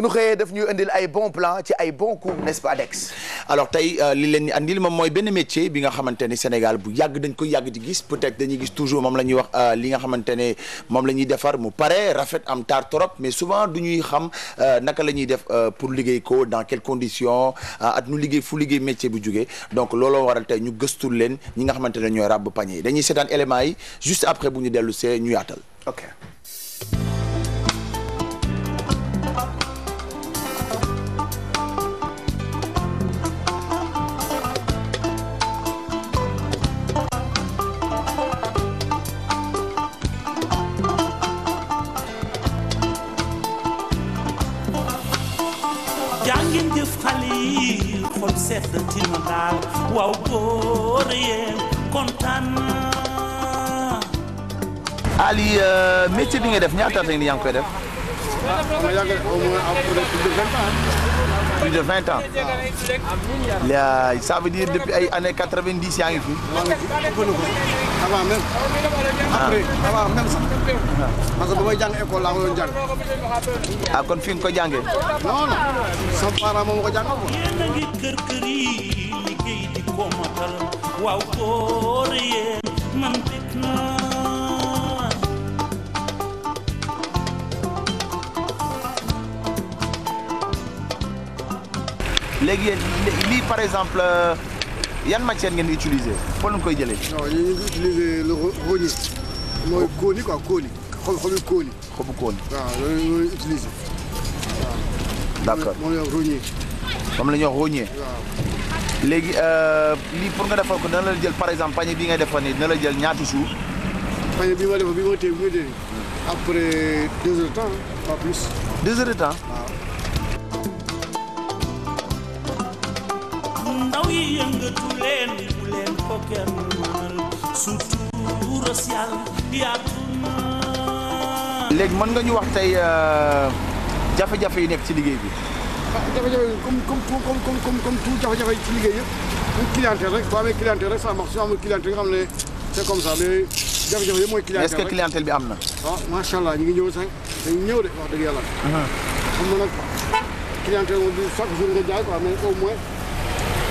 fu nu xëyee daf ñuy indil ay bon plans ci ay bons coups n'est-ce pas Dex alors tey euh, li leen ñu andil moom mooy benn métier bi nga xamante ne Sénégal bu yàgg dañ ko yàgg di gis peut dañuy gis toujours moom la ñuy wax euh, li nga xamante ne moom la ñuy defar mu pare rafet am taar trop mais souvent du ñuy xam euh, naka la ñuy def pour liggéey ko dans quelles conditions at nu liggéey fu liggéey métier bu jugee donc looloo waral tey ñu gëstul leen ñi nga xamante ne ñooy ràbb pañe dañuy seetaan élément yi juste après bu ñu dellu see ñu yaatal jaa ngeen jëf xale yi xol sedd tina daal Ali eh, métier bi nga def ñaata at yaa koy def. ma yàgg au moins am plus de vingt ans. plus de vingt ans. waaw. ça veut dire depuis ay années quatre vingt dix yaa ngi fi. maa ah. ngi fi avant même. après avant même sax. parce que ba may jàng école laa ma doon jàng. ah kon fi nga ko jàngee. non non. sama parent moom ma ko jàngal woon. yéen a ngi kër kër yi liggéey di ko matal waaw góor yee man teg naa. léegi lii par exemple euh, yan matière ngeen di utiliser foo koy jëlee. non ñu ngi utiliser le roñi mooy oh. kóoni quoi kóoni xob xobu kóoni. xobu kóoni waaw loolu mooy utiliser waaw. d' léegi euh, lii pour nga defal ko dana la jël par exemple panier bii ngay defal nii dina la jël ñaata jours. panier bii ma defal bii ma téye bi ma téye deux heures de temps pas plus. deux heures de temps ndaw yi yëngatu leen bu leen ko kenn mënal sutura mën nga ñu wax tey euh, jafe-jafe yi nekk ci liggéey bi ah jafe-jafe yi comme comme tout comme comme comme tout jafe-jafe yi ci liggéey yëpp pour clientèle rek boo amee clientèle rek ça marche soo amul xam ne c'est comme ça mais jafe-jafe yëpp mooy clientèle bi am na waaw ah, macha allah ñu ngi ñëw sax de wax dëgg yàlla xam uh-huh. na nag clientèle moom chaque jour nga jaay quoi mais au moins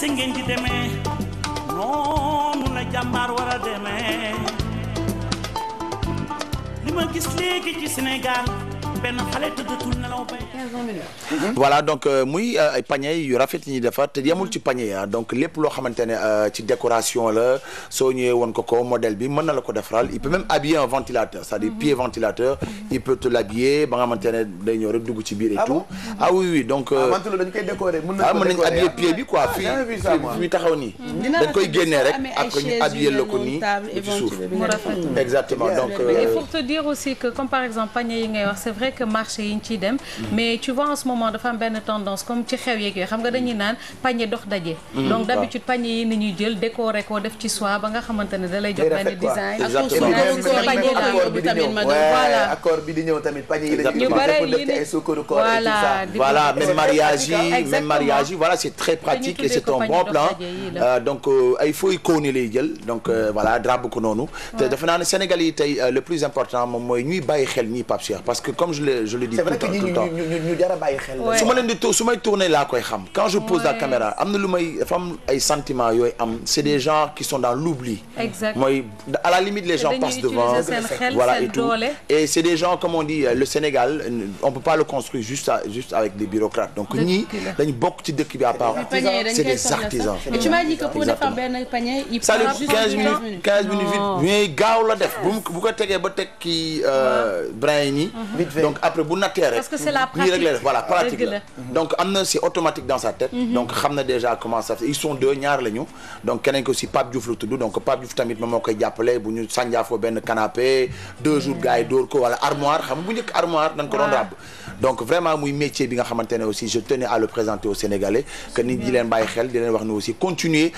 kese ngeen di demee noonu la jàmbaar war a li ma gis léegi ci Sénégal Hmm? voilà donc euh, muy euh, ay panier yu rafet yi ñuy defar te yemul ci panier ah donc lépp loo xamante ne euh, ci décoration la soo ñëwee woon ko ko modèle bi mën na la ko defaral il peut même habiller un ventilateur c'est-à-dire hmm. pied ventilateur hmm. il peut te l'habiller ba nga xamante ne day ñëw rek dugg ci biir et ah tout ah oui oui donc ah, dañ koy décorer mën ah, nañ habiller pied bi quoi fii fii taxaw nii dañ koy génnee rek ak ñu habiller la ko nii ci suuf exactement donc il faut te dire aussi que comme par exemple panier yi ngay wax c'est vrai vrai que marché yi ñu ciy dem mm-hmm. mais tu vois en ce moment dafa benn tendance comme ci xew yeeg yooyu xam nga dañuy naan panier dox daje mm-hmm. donc d'habitude panier yi ni ñuy jël décorer ko def ci soie ba nga xamante ne da lay jox benn design accord bi di ñëw voilà accord bi di ñëw tamit panier yi dañuy def ci ay sukkaru koor voilà même mariage yi même mariage yi voilà c'est très pratique et c'est un bon plan euh, donc euh, euh, mm. yi tey le plus important moom mooy ñuy bàyyi xel je le je le dis. tout le temps c'est vrai que ñu ñu ñu jar a bàyyi xel. su ma leen di tour su may tourner laa koy xam. quand je pose la caméra am na lu ay sentiments yooyu am c'est des gens qui sont dans l'oubli. à la limite des gens comme on dit euh, le Sénégal euh, on peut pas le construire juste avec des bureaucrates donc ñii dañu bokk ci dëkk ba teg kii euh, brin yi nii. Mhm. donc après bu nattee nii rek voilà pratique la. donc am na c'est automatique dans sa tête. Mhm. donc xam na déjà comment ils sont deux ñaar la donc keneen ko aussi Pape Diouf la tudd donc Pape Diouf tamit moo koy jàppale bu ñu sànjaafoo benn canapé deux mhm. jours gars yi ko armoire xam bu njëkk armoire dañ ko ràbb. donc vraiment muy métier bi nga xamante ne aussi je tenais à le présenter aux Sénégalais que nit di leen bàyyi xel di leen wax ne aussi continuer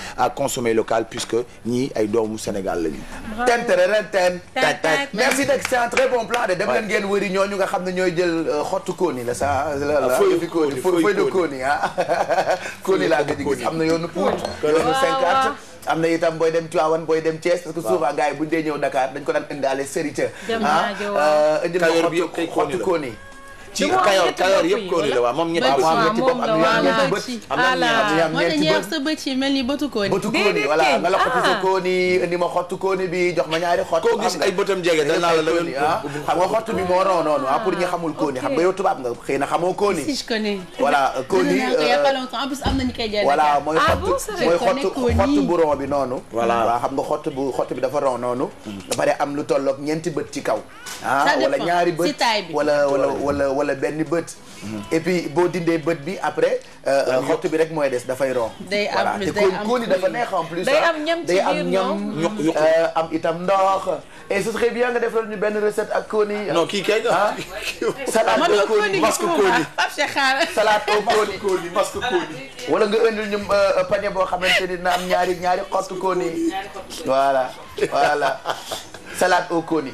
xam ne ñooy jël euh, xottu la sa la la ah, feuille kóoni feuille de kóoni ah kóoni laa gëj gis am na yoonu puut yoonu cinquante am na itam booy dem Tivaouane booy dem Thiès parce que souvent gars yi buñ dee ñëw Dakar dañ ko daan indaale serite ah euh, indi xottu kóoni ci kayoor kayoor yëpp kooni la waaw moom jox ma ñaari xott koo gis ay bëtam jege da naa la la ah. xam nga xott bi moo non non ah, pour ñi xamul kooni xam nga yow tubaab nga xëy na xamoo euh, mooy ah xott mooy bi noonu voilà waaw xam nga xott bu xott bi dafa rond noonu hmm. ba pare am lu tolloog ñeenti bët ci kaw ah ñaari bët wala wala wala wala benn bët. et puis boo dindee bët bi après. Euh, xott bi rek mooy des dafay roo. day am plus am voilà te ah. ñam ci biir euh, am itam ndox. et ce serait bien nga defal ñu benn recette ak koni. non kii kay ah. ah salade au wala nga indil ñu euh, panier boo xamante ni dina am ñaari ñaari xot koni. voilà voilà salade au koni.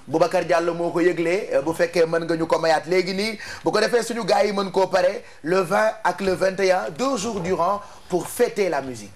Boubacar Diallo moo ko yëglee eh, bu fekkee mën nga ñu ko mayaat léegi nii bu ko defee suñu gars yi mën koo pare le 20 ak le 21 deux jours durant pour fêter la musique